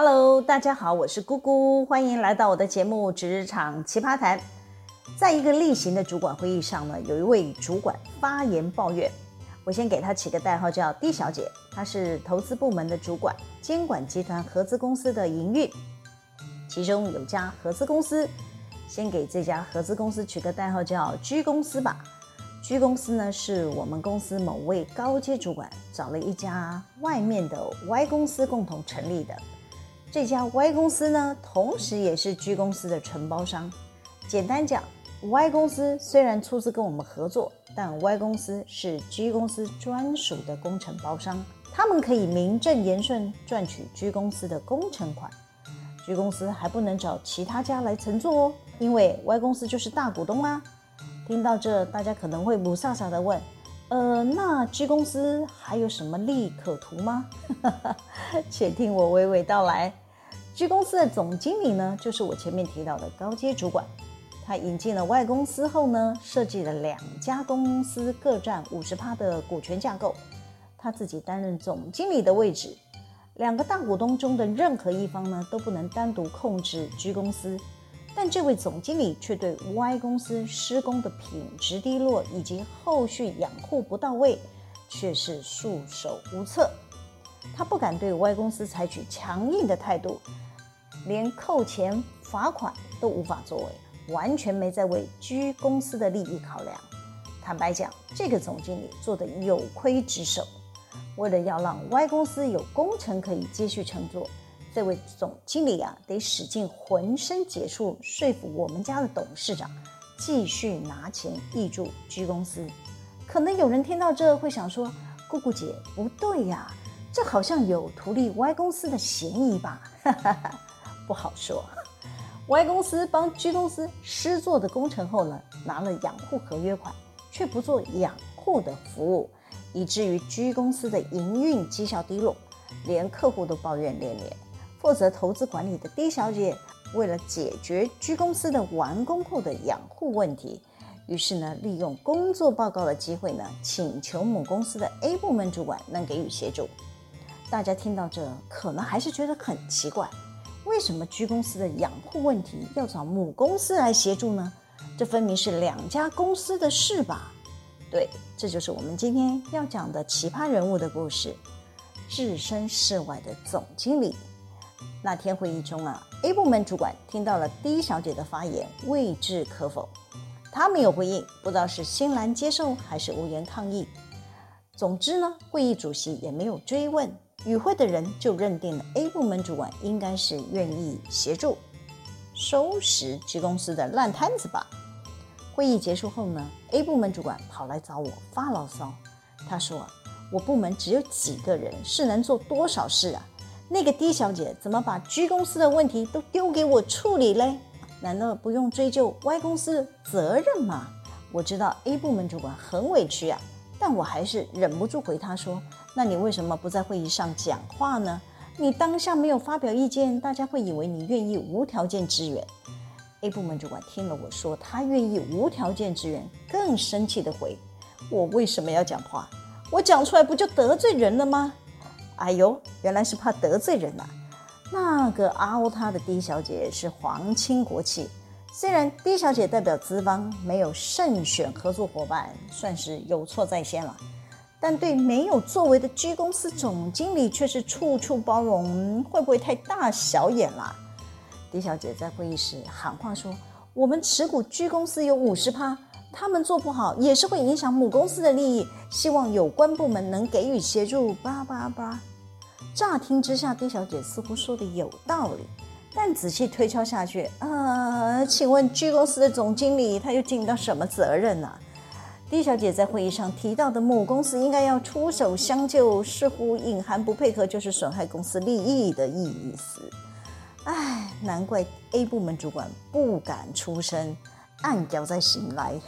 Hello，大家好，我是姑姑，歡迎來到我的節目《職場奇葩談》。在一個例行的主管會議上呢，有一位主管發言抱怨。我先給他起個代號，叫 D 小姐，她是投資部門的主管，監管集團合資公司的營運。其中有家合資公司，先給這家合資公司取個代號，叫 G 公司吧。G 公司呢，是我們公司某位高階主管找了一家外面的 Y 公司共同成立的。這家 Y 公司呢，同時也是 G 公司的承包商。簡單講，Y 公司雖然出資跟我們合作，但 Y 公司是 G 公司專屬的工程包商，他們可以名正言順賺取 G 公司的工程款。G 公司還不能找其他家來承做哦，因為 Y 公司就是大股東啊。聽到這，大家可能會霧煞煞地問。呃，那 G 公司還有什麼利可圖嗎？哈哈哈，且聽我娓娓道來。G 公司的總經理呢，就是我前面提到的高階主管。他引進了外公司後呢，設計了兩家公司各佔五十趴的股權架構。他自己擔任總經理的位置，兩個大股東中的任何一方呢，都不能單獨控制 G 公司。但這位總經理卻對 Y 公司施工的品質低落以及後續養護不到位，卻是束手無策。他不敢對 Y 公司採取強硬的態度，連扣錢罰款都無法作為，完全沒在為 G 公司的利益考量。坦白講，這個總經理做得有虧職守。為了要讓 Y 公司有工程可以繼續承做。這位總經理啊，得使盡渾身解數說服我們家的董事長繼續拿錢挹注 G 公司。可能有人聽到這會想說：“姑姑姐，不對呀，這好像有圖利 Y 公司的嫌疑吧？”哈哈哈，不好說。 Y 公司幫 G 公司施做的工程後呢，拿了養護合約款，卻不做養護的服務，以至於 G 公司的營運績效低落，連客戶都抱怨連連。負責投資管理的 D 小姐，為了解決 G 公司的完工後的養護問題，於是呢，利用工作報告的機會呢，請求母公司的 A 部門主管能給予協助。大家聽到這，可能還是覺得很奇怪，為什麼 G 公司的養護問題要找母公司來協助呢？這分明是兩家公司的事吧？對，這就是我們今天要講的奇葩人物的故事——置身事外的總經理。那天會議中啊，A 部門主管聽到了 D 小姐的發言，未置可否。他沒有回應，不知道是欣然接受還是無言抗議。總之呢，會議主席也沒有追問，與會的人就認定了 A 部門主管應該是願意協助收拾其公司的爛攤子吧。會議結束後呢，A 部門主管跑來找我發牢騷。他說啊：“我部門只有幾個人，是能做多少事啊？”那個 D 小姐怎麼把 G 公司的問題都丟給我處理嘞？難道不用追究 Y 公司責任嗎？我知道 A 部門主管很委屈呀、啊，但我還是忍不住回他說：“那你為什麼不在會議上講話呢？你當下沒有發表意見，大家會以為你願意無條件支援。”A 部門主管聽了我說他願意無條件支援，更生氣的回：“我為什麼要講話？我講出來不就得罪人了嗎？”哎呦，原來是怕得罪人吶！那個阿歐他的 D 小姐是皇親國戚，雖然 D 小姐代表資方沒有慎選合作夥伴，算是有錯在先了，但對沒有作為的 G 公司總經理卻是處處包容，會不會太大小眼了？D 小姐在會議室喊話說：“我們持股 G 公司有五十趴。”他們做不好也是會影響母公司的利益，希望有關部門能給予協助。叭叭叭，乍聽之下，D 小姐似乎說得有道理，但仔細推敲下去，呃，請問 G 公司的總經理他又盡到什麼責任呢？D 小姐在會議上提到的母公司應該要出手相救，似乎隱含不配合就是損害公司利益的意思。哎，難怪 A 部門主管不敢出聲。暗掉再醒來。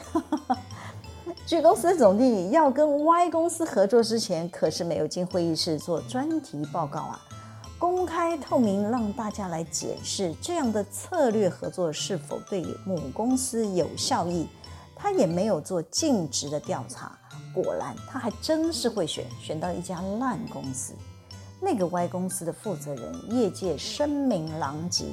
據 公司總經理要跟 Y 公司合作之前，可是沒有進會議室做專題報告啊，公開透明，讓大家來解釋這樣的策略合作是否對母公司有效益，他也沒有做盡職的調查。果然，他還真是會選，選到一家爛公司。那個 Y 公司的負責人，業界聲名狼藉，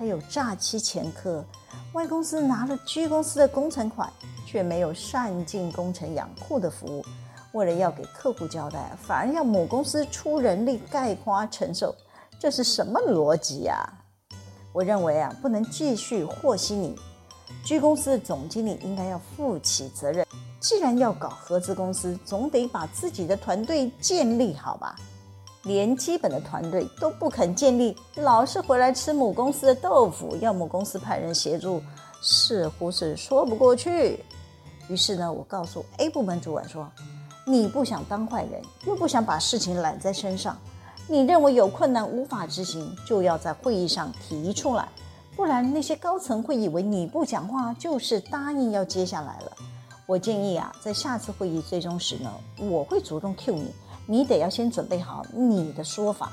還有詐欺前科，外公司拿了 G 公司的工程款，卻沒有善盡工程養護的服務。為了要給客戶交代，反而要母公司出人力概括承受，這是什麼邏輯呀、啊？我認為啊，不能繼續和稀泥，G 公司的總經理應該要負起責任。既然要搞合資公司，總得把自己的團隊建立好吧？連基本的團隊都不肯建立，老是回來吃母公司的豆腐，要母公司派人協助，似乎是說不過去。於是呢，我告訴 A 部門主管說：“你不想當壞人，又不想把事情攬在身上，你認為有困難無法執行，就要在會議上提出來，不然那些高層會以為你不講話就是答應要接下來了。”我建議啊，在下次會議最終時呢，我會主動 cue 你。你得要先準備好你的說法。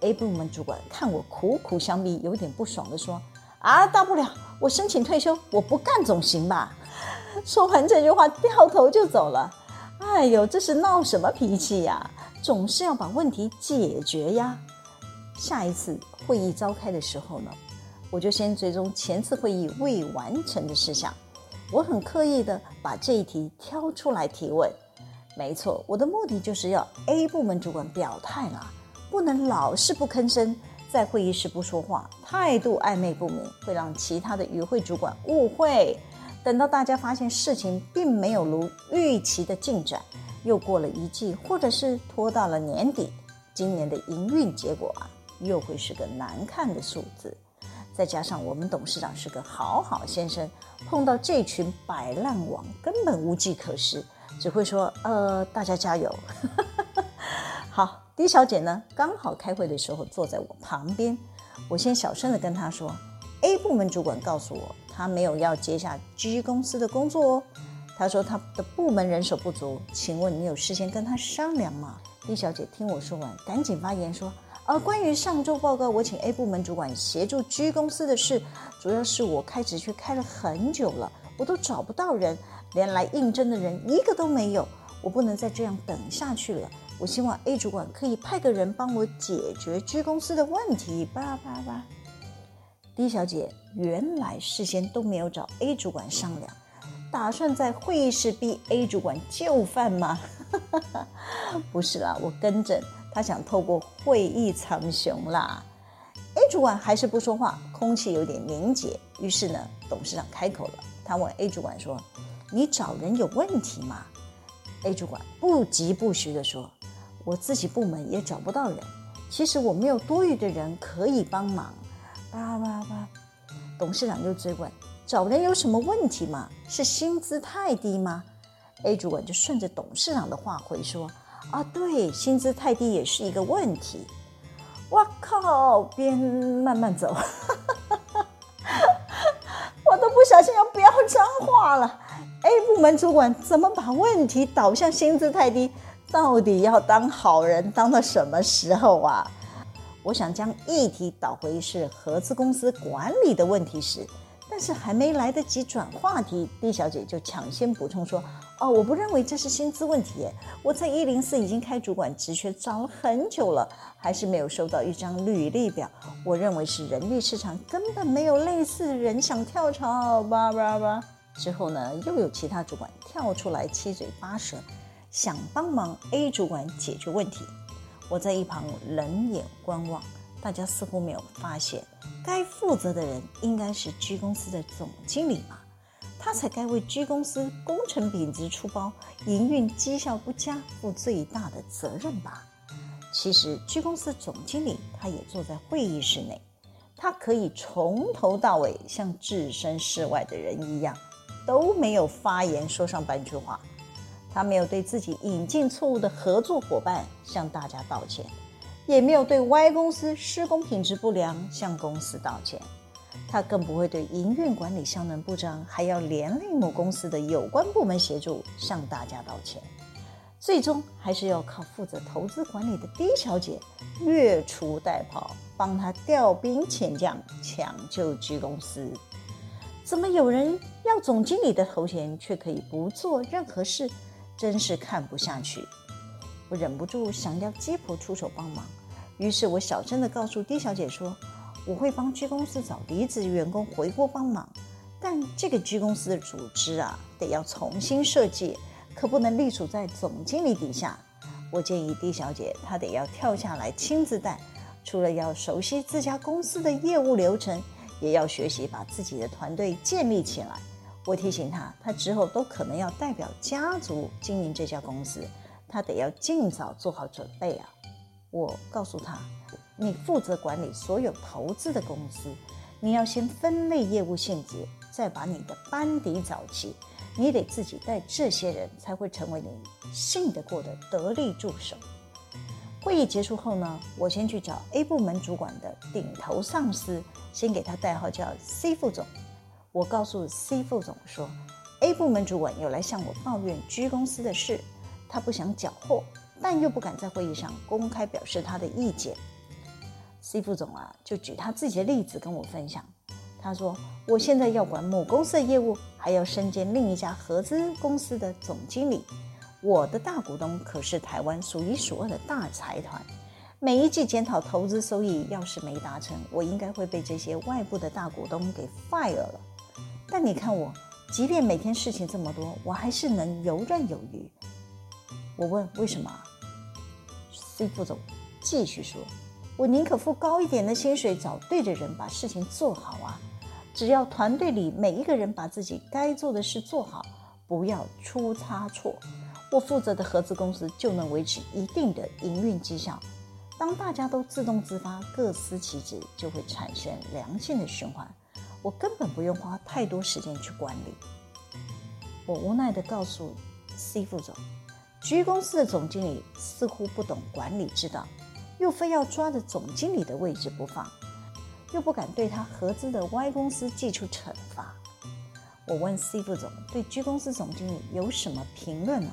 A 部門主管看我苦苦相逼，有點不爽地說：“啊，大不了我申請退休，我不幹總行吧？”說完這句話，掉頭就走了。哎呦，這是鬧什麼脾氣呀、啊？總是要把問題解決呀。下一次會議召開的時候呢，我就先追蹤前次會議未完成的事項。我很刻意地把這一題挑出來提問。沒錯，我的目的就是要 A 部門主管表態啊，不能老是不吭聲，在會議室不說話，態度曖昧不明，會讓其他的與會主管誤會。等到大家發現事情並沒有如預期的進展，又過了一季，或者是拖到了年底，今年的營運結果啊，又會是個難看的數字。再加上我們董事長是個好好先生，碰到這群擺爛王，根本無計可施。只會說呃，大家加油。 好，D 小姐呢，剛好開會的時候坐在我旁邊，我先小聲地跟她說，A 部門主管告訴我，他沒有要接下 G 公司的工作哦。他說他的部門人手不足，請問你有事先跟他商量嗎？D 小姐聽我說完，趕緊發言說，呃，關於上周報告，我請 A 部門主管協助 G 公司的事，主要是我開職缺開了很久了，我都找不到人。連來應徵的人一個都沒有，我不能再這樣等下去了。我希望 A 主管可以派個人幫我解決 G 公司的問題，吧吧吧。D 小姐原來事先都沒有找 A 主管商量，打算在會議室逼 A 主管就範嗎？ 不是啦，我跟着他想透過會議逞雄啦。A 主管還是不說話，空氣有點凝結。於是呢，董事長開口了，他問 A 主管說。你找人有問題嗎？A 主管不疾不徐地說：“我自己部門也找不到人，其實我沒有多餘的人可以幫忙。”叭叭叭！董事長就追問：“找人有什麼問題嗎？是薪資太低嗎？”A 主管就順着董事長的話回說：“啊，對，薪資太低也是一個問題。”我靠！邊慢慢走， 我都不小心要不要髒話了。A 部門主管怎麼把問題導向薪資太低？到底要當好人當到什麼時候啊？我想將議題導回是合資公司管理的問題時，但是還沒來得及轉話題，D 小姐就搶先補充說：“哦，我不認為這是薪資問題。我在一零四已經開主管職缺，找了很久了，還是沒有收到一張履歷表。我認為是人力市場根本沒有類似人想跳槽吧”叭叭叭。之後呢，又有其他主管跳出來七嘴八舌，想幫忙 A 主管解決問題。我在一旁冷眼觀望，大家似乎沒有發現，該負責的人應該是 G 公司的總經理吧，他才該為 G 公司工程品質出包、營運績效不佳負最大的責任吧？其實，G 公司總經理他也坐在會議室內，他可以從頭到尾像置身事外的人一樣。都沒有發言說上半句話，他沒有對自己引進錯誤的合作夥伴向大家道歉，也沒有對 Y 公司施工品質不良向公司道歉，他更不會對營運管理效能不彰，還要連累母公司的有關部門協助向大家道歉，最終還是要靠負責投資管理的 D 小姐越俎代庖，幫他調兵遣將搶救 G 公司。怎麼有人要總經理的頭銜卻可以不做任何事，真是看不下去。我忍不住想要雞婆出手幫忙，於是我小聲地告訴丁小姐說：“我會幫居公司找離職員工回國幫忙，但這個居公司的組織啊，得要重新設計，可不能隸屬在總經理底下。我建議丁小姐她得要跳下來親自帶，除了要熟悉自家公司的業務流程。”也要學習把自己的團隊建立起來。我提醒他，他之後都可能要代表家族經營這家公司，他得要盡早做好準備啊。我告訴他，你負責管理所有投資的公司，你要先分類業務性質，再把你的班底找齊，你得自己帶這些人才會成為你信得過的得力助手。會議結束後呢，我先去找 A 部門主管的頂頭上司，先給他代號叫 C 副總。我告訴 C 副總說，A 部門主管有來向我抱怨 G 公司的事，他不想攪和，但又不敢在會議上公開表示他的意見。C 副總啊，就舉他自己的例子跟我分享。他說，我現在要管母公司的業務，還要身兼另一家合資公司的總經理。我的大股東可是台灣數一數二的大財團，每一季檢討投資收益，要是沒達成，我應該會被這些外部的大股東給 fire 了。但你看我，即便每天事情這麼多，我還是能遊刃有餘。我問為什麼？C 副總繼續說：“我寧可付高一點的薪水，找對的人把事情做好啊！只要團隊裡每一個人把自己該做的事做好，不要出差錯。”我負責的合資公司就能維持一定的營運績效。當大家都自動自發、各司其職，就會產生良性的循環。我根本不用花太多時間去管理。我無奈地告訴 C 副總：“ G 公司的總經理似乎不懂管理之道，又非要抓着總經理的位置不放，又不敢對他合資的 Y 公司祭出懲罰。”我問 C 副總：“對 G 公司總經理有什麼評論嗎？”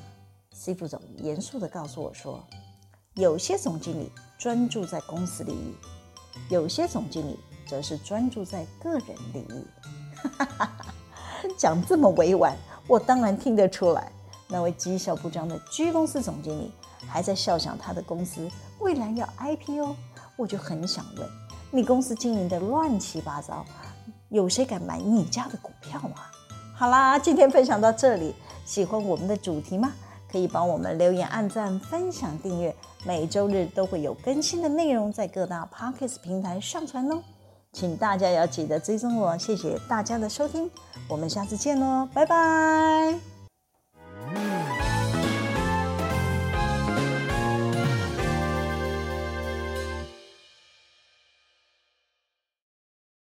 C 副總嚴肅的告訴我說：“有些總經理專注在公司利益，有些總經理則是專注在個人利益。”哈哈哈，講這麼委婉，我當然聽得出來。那位績效不彰的 G 公司總經理還在笑想他的公司未來要 IPO，我就很想問：你公司經營得亂七八糟，有誰敢買你家的股票嗎，啊？好啦，今天分享到這裡，喜歡我們的主題嗎？可以幫我們留言、按讚、分享、訂閱，每周日都會有更新的內容在各大 Podcast 平台上傳哦，請大家要記得追蹤我，哦，謝謝大家的收聽，我們下次見嘍，拜拜。